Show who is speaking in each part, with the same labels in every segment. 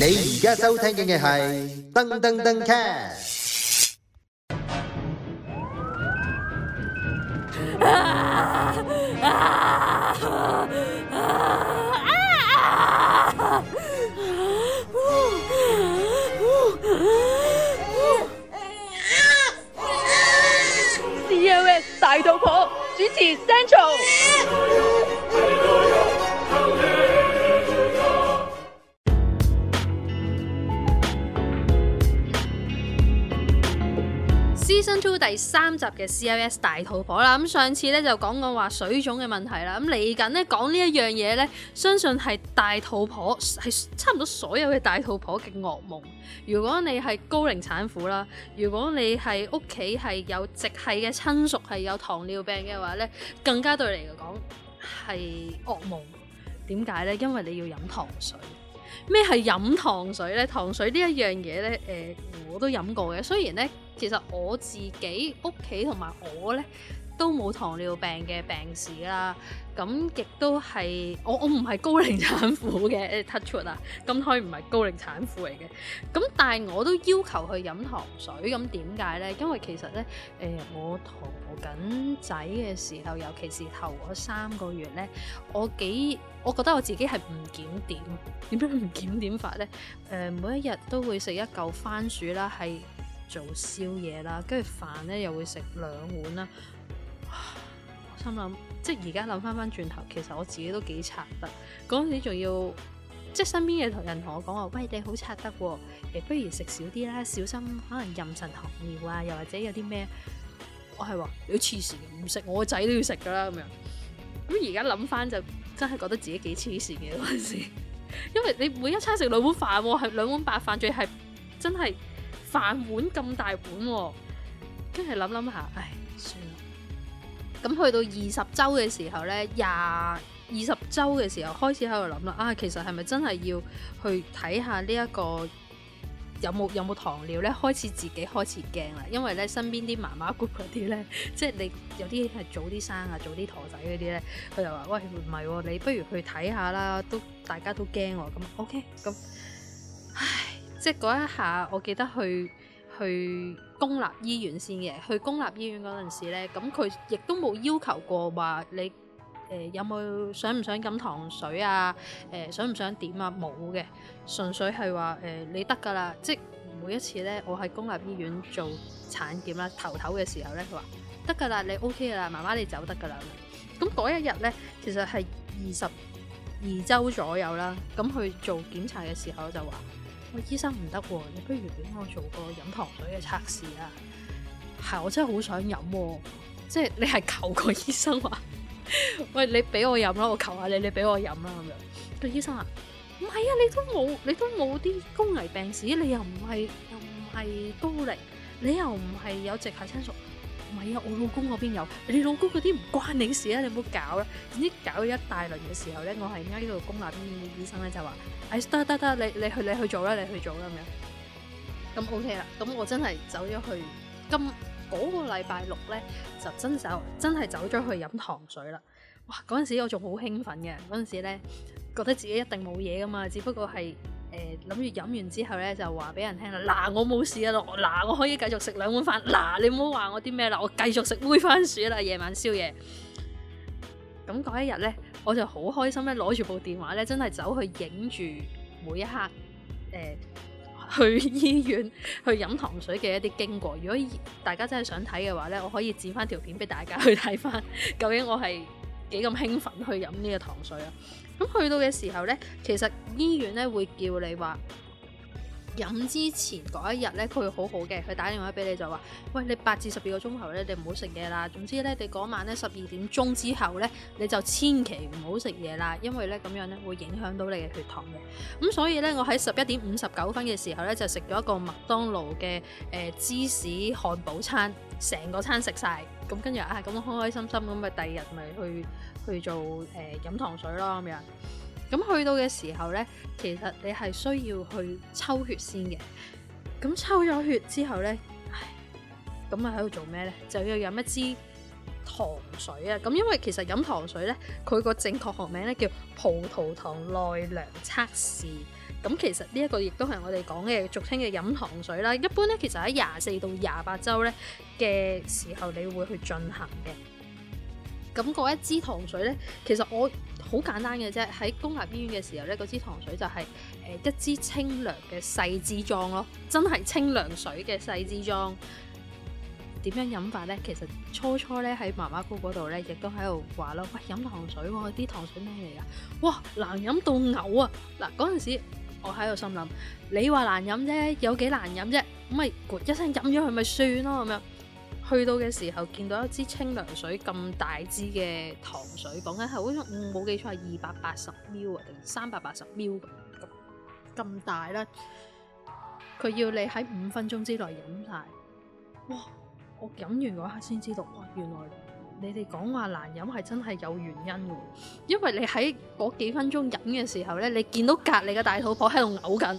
Speaker 1: 你而家收聽嘅係噔噔噔 cat。COS 大肚婆主持 Central。到第三集嘅 CFS 大肚婆啦，咁上次咧就講講話水腫嘅問題啦，咁嚟緊咧講呢一樣嘢咧，相信係大肚婆係差唔多所有嘅大肚婆嘅噩夢。如果你係高齡產婦啦，如果你係屋企係有直系嘅親屬係有糖尿病嘅話咧，更加對你嚟講係噩夢。點解咧？因為你要飲糖水。咩係飲糖水咧？糖水呢一樣嘢咧，誒、呃、我都飲過嘅。雖然咧，其實我自己屋企同埋我咧都冇糖尿病嘅病史啦。咁亦都係我我唔係高齡產婦嘅 ，touch wood 啊，咁可唔係高齡產婦嚟嘅。咁但係我都要求去飲糖水，咁點解咧？因為其實咧，誒、呃、我肚緊仔嘅時候，尤其是頭嗰三個月咧，我幾～我覺得我自己係唔檢點，點解唔檢點法咧？誒、呃，每一日都會食一嚿番薯啦，係做宵夜啦，跟住飯咧又會食兩碗啦。我心諗，即係而家諗翻翻轉頭，其實我自己都幾拆得。嗰陣時仲要，即係身邊嘅同人同我講話，喂，你好拆得喎，誒，不如食少啲啦，小心可能妊娠糖尿病啊，又或者有啲咩？我係話你黐線，唔食我個仔都要食㗎啦咁樣。咁而家諗翻就。真係覺得自己幾黐線嘅嗰陣時，因為你每一餐食兩碗飯喎、啊，係兩碗白飯最，仲要係真係飯碗咁大碗喎、啊，跟住諗諗下，唉，算啦。咁去到二十週嘅時候呢，廿二十週嘅時候開始喺度諗啦，啊，其實係咪真係要去睇下呢、這、一個？有冇有冇糖尿咧？開始自己開始驚啦，因為咧身邊啲媽媽 group 嗰啲咧，即係你有啲係早啲生啊，早啲陀仔嗰啲咧，佢又話：喂，唔係喎，你不如去睇下啦，都大家都驚喎、哦。咁 OK，咁唉，即係嗰一下，我記得去去公立醫院先嘅，去公立醫院嗰陣時咧，咁佢亦都冇要求過話你。誒、呃、有冇想唔想飲糖水啊？誒、呃、想唔想點啊？冇嘅，純粹係話誒你得噶啦，即每一次咧，我喺公立醫院做產檢啦，頭頭嘅時候咧，佢話得噶啦，你 OK 噶啦，媽媽你走得噶啦。咁嗰一日咧，其實係二十二周左右啦，咁去做檢查嘅時候就話：喂、哦，醫生唔得喎，你不如俾我做個飲糖水嘅測試啊！係我真係好想飲、啊，即係你係求個醫生話。喂， 你俾我飲啦，我求下你，你俾我飲啦咁樣。個醫生啊，唔係啊，你都冇，你都冇啲高危病史，你又唔係又唔係高齡，你又唔係有直系親屬，唔係啊，我老公嗰邊有，你老公嗰啲唔關你事啦，啊，你唔好搞啦，啊。點知搞咗一大輪嘅時候咧，我係啱呢度公立醫院嘅醫生咧就話，哎得得得，你你去你去做啦，你去做啦咁樣，咁 OK 啦，咁我真係走咗去金。嗰個禮拜六咧，就真就真係走咗去飲糖水啦！哇，嗰陣時我仲好興奮嘅，嗰陣時咧覺得自己一定冇嘢㗎嘛，只不過係誒諗住飲完之後咧就話俾人聽啦，嗱我冇事啊，嗱我、啊、我可以繼續食兩碗飯，嗱、啊、你唔好話我啲咩啦，我繼續食煨番薯啦，夜晚宵夜。咁嗰一日咧，我就好開心咧，攞住部電話咧，真係走去影住每一刻誒。呃去醫院去飲糖水嘅一啲經過，如果大家真係想睇嘅話呢，我可以剪翻條片俾大家去睇翻，究竟我係幾咁興奮去飲呢個糖水啊！咁去到嘅時候呢，其實醫院呢會叫你話。飲之前嗰一日咧，佢會好好嘅，佢打電話俾你就話：喂，你八至十二個鐘頭咧，你唔好食嘢啦。總之咧，你嗰晚咧十二點鐘之後咧，你就千祈唔好食嘢啦，因為咧咁樣咧會影響到你嘅血糖嘅。咁所以咧，我喺十一點五十九分嘅時候咧，就食咗一個麥當勞嘅誒芝士漢堡餐，成個餐食晒。咁跟住啊，咁我開開心心咁啊，第二日咪去去做誒、呃、飲糖水咯，咁樣。咁去到嘅時候呢，其實你係需要去抽血先嘅。咁抽咗血之後呢，咁啊喺度做咩呢？就要飲一支糖水啊！咁因為其實飲糖水呢，佢個正確學名呢叫葡萄糖耐量測試。咁其實呢一個亦都係我哋講嘅俗稱嘅飲糖水啦。一般呢，其實喺廿四到廿八週呢嘅時候，你會去進行嘅。咁嗰一支糖水呢，其實我。好簡單嘅啫，喺公立醫院嘅時候咧，嗰支糖水就係、是、誒、呃、一支清涼嘅細支裝咯，真係清涼水嘅細支裝。點樣飲法咧？其實初初咧喺媽媽姑嗰度咧，亦都喺度話咯，喂，飲糖水喎、啊，啲糖水咩嚟噶？哇難飲到嘔啊！嗱嗰陣時我喺度心諗，你話難飲啫，有幾難飲啫？咁咪一聲飲咗佢咪算咯咁樣。去到嘅時候見到一支清涼水咁大支嘅糖水，講緊係好似我冇記錯係二百八十 mL 定三百八十 mL 咁咁大啦。佢要你喺五分鐘之內飲晒。哇！我飲完嗰刻先知道，哇！原來你哋講話難飲係真係有原因㗎，因為你喺嗰幾分鐘飲嘅時候咧，你見到隔離嘅大肚婆喺度嘔緊。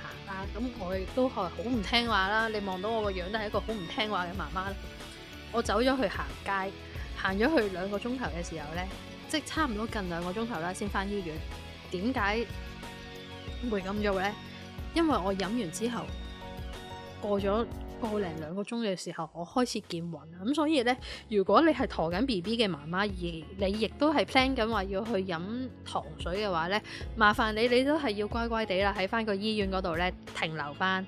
Speaker 1: 咁、嗯、我亦都係好唔聽話啦，你望到我個樣都係一個好唔聽話嘅媽媽。我走咗去行街，行咗去兩個鐘頭嘅時候咧，即係差唔多近兩個鐘頭啦，先翻醫院。點解會咁喐咧？因為我飲完之後過咗。個零兩個鐘嘅時候，我開始見暈，咁所以呢，如果你係陀緊 B B 嘅媽媽，而你亦都係 plan 緊話要去飲糖水嘅話呢，麻煩你，你都係要乖乖地啦，喺翻個醫院嗰度呢停留翻，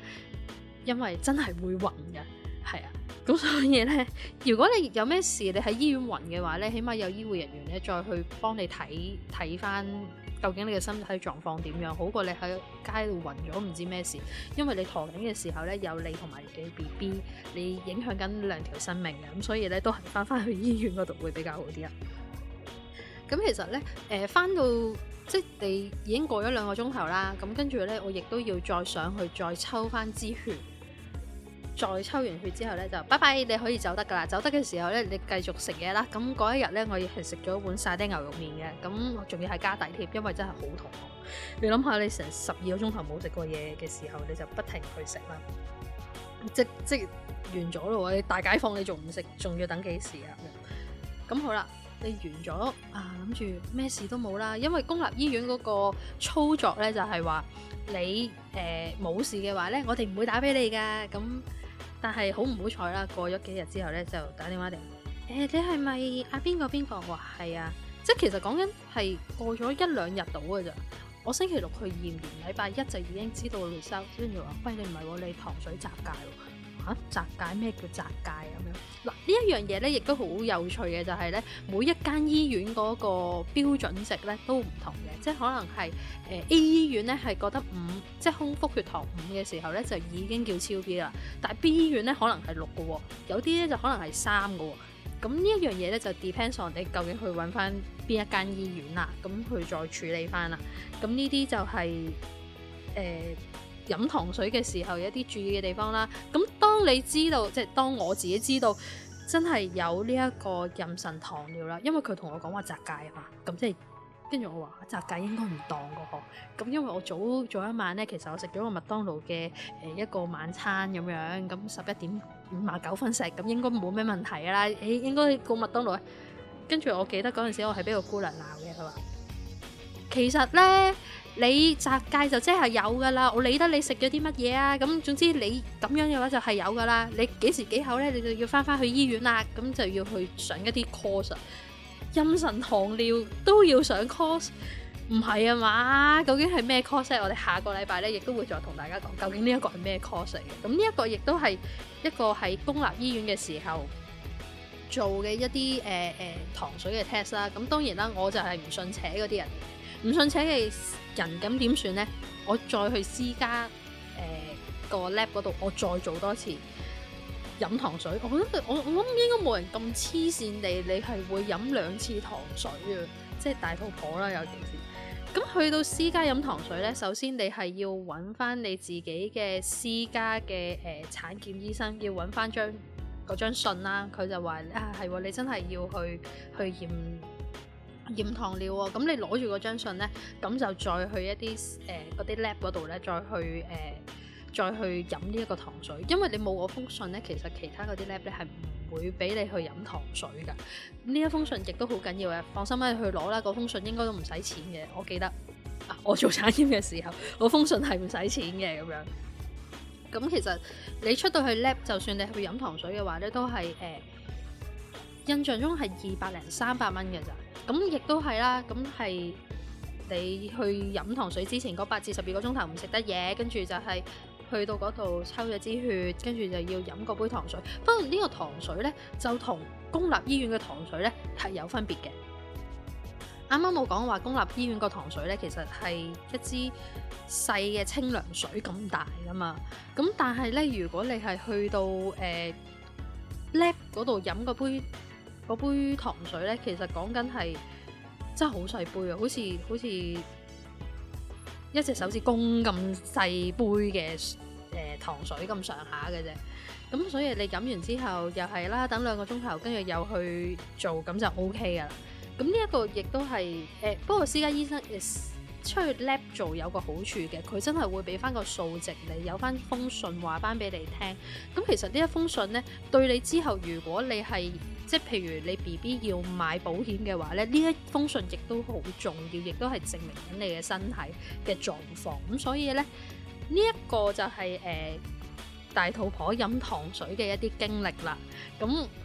Speaker 1: 因為真係會暈㗎，係啊，咁所以呢，如果你有咩事，你喺醫院暈嘅話呢，起碼有醫護人員呢再去幫你睇睇翻。看看究竟你嘅身體狀況點樣，好過你喺街度暈咗唔知咩事。因為你駝緊嘅時候咧，有你同埋你 BB，你影響緊兩條生命嘅，咁所以咧，都係翻翻去醫院嗰度會比較好啲啊！咁其實咧，誒、呃、翻到即係你已經過咗兩個鐘頭啦，咁跟住咧，我亦都要再上去再抽翻支血。再抽完血之後咧，就拜拜，你可以走得噶啦。走得嘅時候咧，你繼續食嘢啦。咁嗰一日咧，我亦係食咗碗沙爹牛肉麵嘅。咁我仲要係加底貼，因為真係好肚餓。你諗下，你成十二個鐘頭冇食過嘢嘅時候，你就不停去食啦。即即完咗咯喎！你大解放你仲唔食？仲要等幾時啊？咁好啦，你完咗啊？諗住咩事都冇啦。因為公立醫院嗰個操作咧，就係、是呃、話你誒冇事嘅話咧，我哋唔會打俾你噶。咁但係好唔好彩啦！過咗幾日之後咧，就打電話嚟，誒、欸、你係咪阿邊個邊個？我話係啊，即係其實講緊係過咗一兩日到嘅咋。我星期六去驗完，禮拜一就已經知道佢收，跟住話，喂，你唔係喎，你糖水雜界喎、啊。啊，窄界，咩叫窄界咁樣？嗱，呢一樣嘢咧，亦都好有趣嘅，就係咧，每一間醫院嗰個標準值咧都唔同嘅，即係可能係誒 A 醫院咧係覺得五，即係空腹血糖五嘅時候咧就已經叫超標啦。但 B 醫院咧可能係六嘅喎，有啲咧就可能係三嘅喎。咁呢一樣嘢咧就 depends on 你究竟去揾翻邊一間醫院啦，咁去再處理翻啦。咁呢啲就係、是、誒、呃、飲糖水嘅時候有啲注意嘅地方啦。咁當你知道，即係當我自己知道，真係有呢一個妊娠糖尿啦。因為佢同我講話雜戒啊嘛，咁即係跟住我話雜戒應該唔當個喎。咁因為我早早一晚咧，其實我食咗個麥當勞嘅誒一個晚餐咁樣，咁十一點五十九分食，咁應該冇咩問題啦。誒、哎，應該個麥當勞。跟住我記得嗰陣時，我係俾個姑娘鬧嘅，佢話。其實呢，你雜介就即係有噶啦，我理得你食咗啲乜嘢啊？咁總之你咁樣嘅話就係有噶啦。你幾時幾候呢？你就要翻翻去醫院啦。咁就要去上一啲 course，陰腎糖尿都要上 course。唔係啊嘛？究竟係咩 course？我哋下個禮拜呢亦都會再同大家講，究竟呢一個係咩 course 嘅。咁呢一個亦都係一個喺公立醫院嘅時候做嘅一啲誒誒糖水嘅 test 啦。咁當然啦，我就係唔信邪嗰啲人。唔信邪嘅人，咁點算呢？我再去私家誒、呃、個 lab 嗰度，我再做多次飲糖水。我覺得我我諗應該冇人咁黐線地，你係會飲兩次糖水啊！即係大肚婆，婆啦，有件事咁去到私家飲糖水呢，首先你係要揾翻你自己嘅私家嘅誒、呃、產檢醫生，要揾翻張嗰張信啦。佢就話啊，係喎、哦，你真係要去去驗，驗糖尿喎、哦，咁你攞住嗰張信呢，咁就再去一啲誒嗰啲 lab 嗰度呢，再去誒、呃、再去飲呢一個糖水，因為你冇嗰封信呢，其實其他嗰啲 lab 咧係唔會俾你去飲糖水嘅。呢一封信亦都好緊要嘅，放心啦，你去攞啦，嗰封信應該都唔使錢嘅。我記得，啊、我做產檢嘅時候，我封信係唔使錢嘅咁樣。咁其實你出到去 lab，就算你去飲糖水嘅話呢都係誒、呃、印象中係二百零三百蚊嘅咋。咁亦都係啦，咁係你去飲糖水之前嗰八至十二個鐘頭唔食得嘢，跟住就係去到嗰度抽咗支血，跟住就要飲嗰杯糖水。不過呢個糖水呢，就同公立醫院嘅糖水呢係有分別嘅。啱啱我講話公立醫院個糖水呢，其實係一支細嘅清涼水咁大噶嘛。咁但係呢，如果你係去到誒 Lab 嗰度、呃、飲嗰杯。嗰杯糖水咧，其實講緊係真係好細杯啊，好似好似一隻手指公咁細杯嘅誒糖水咁上下嘅啫。咁所以你飲完之後又係啦，等兩個鐘頭，跟住又去做，咁就 OK 噶啦。咁呢一個亦都係誒，不過私家醫生。出去 lab 做有個好處嘅，佢真係會俾翻個數值你，有翻封信話翻俾你聽。咁其實呢一封信呢，對你之後如果你係即係譬如你 BB 要買保險嘅話咧，呢一封信亦都好重要，亦都係證明緊你嘅身體嘅狀況。咁所以呢，呢一個就係誒大肚婆飲糖水嘅一啲經歷啦。咁。嗯。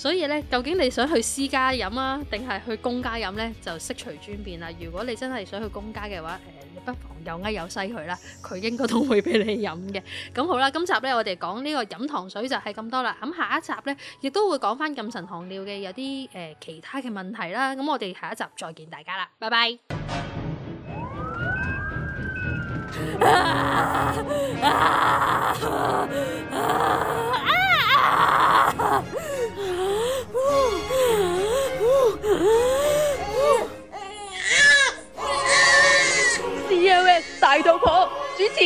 Speaker 1: 所以咧，究竟你想去私家飲啊，定係去公家飲呢，就悉隨尊便啦。如果你真係想去公家嘅話，誒，你不妨又矮又細佢啦，佢應該都會俾你飲嘅。咁好啦，今集呢我哋講呢個飲糖水就係咁多啦。咁下一集呢亦都會講返咁神糖尿嘅有啲誒其他嘅問題啦。咁我哋下一集再見大家啦，拜拜。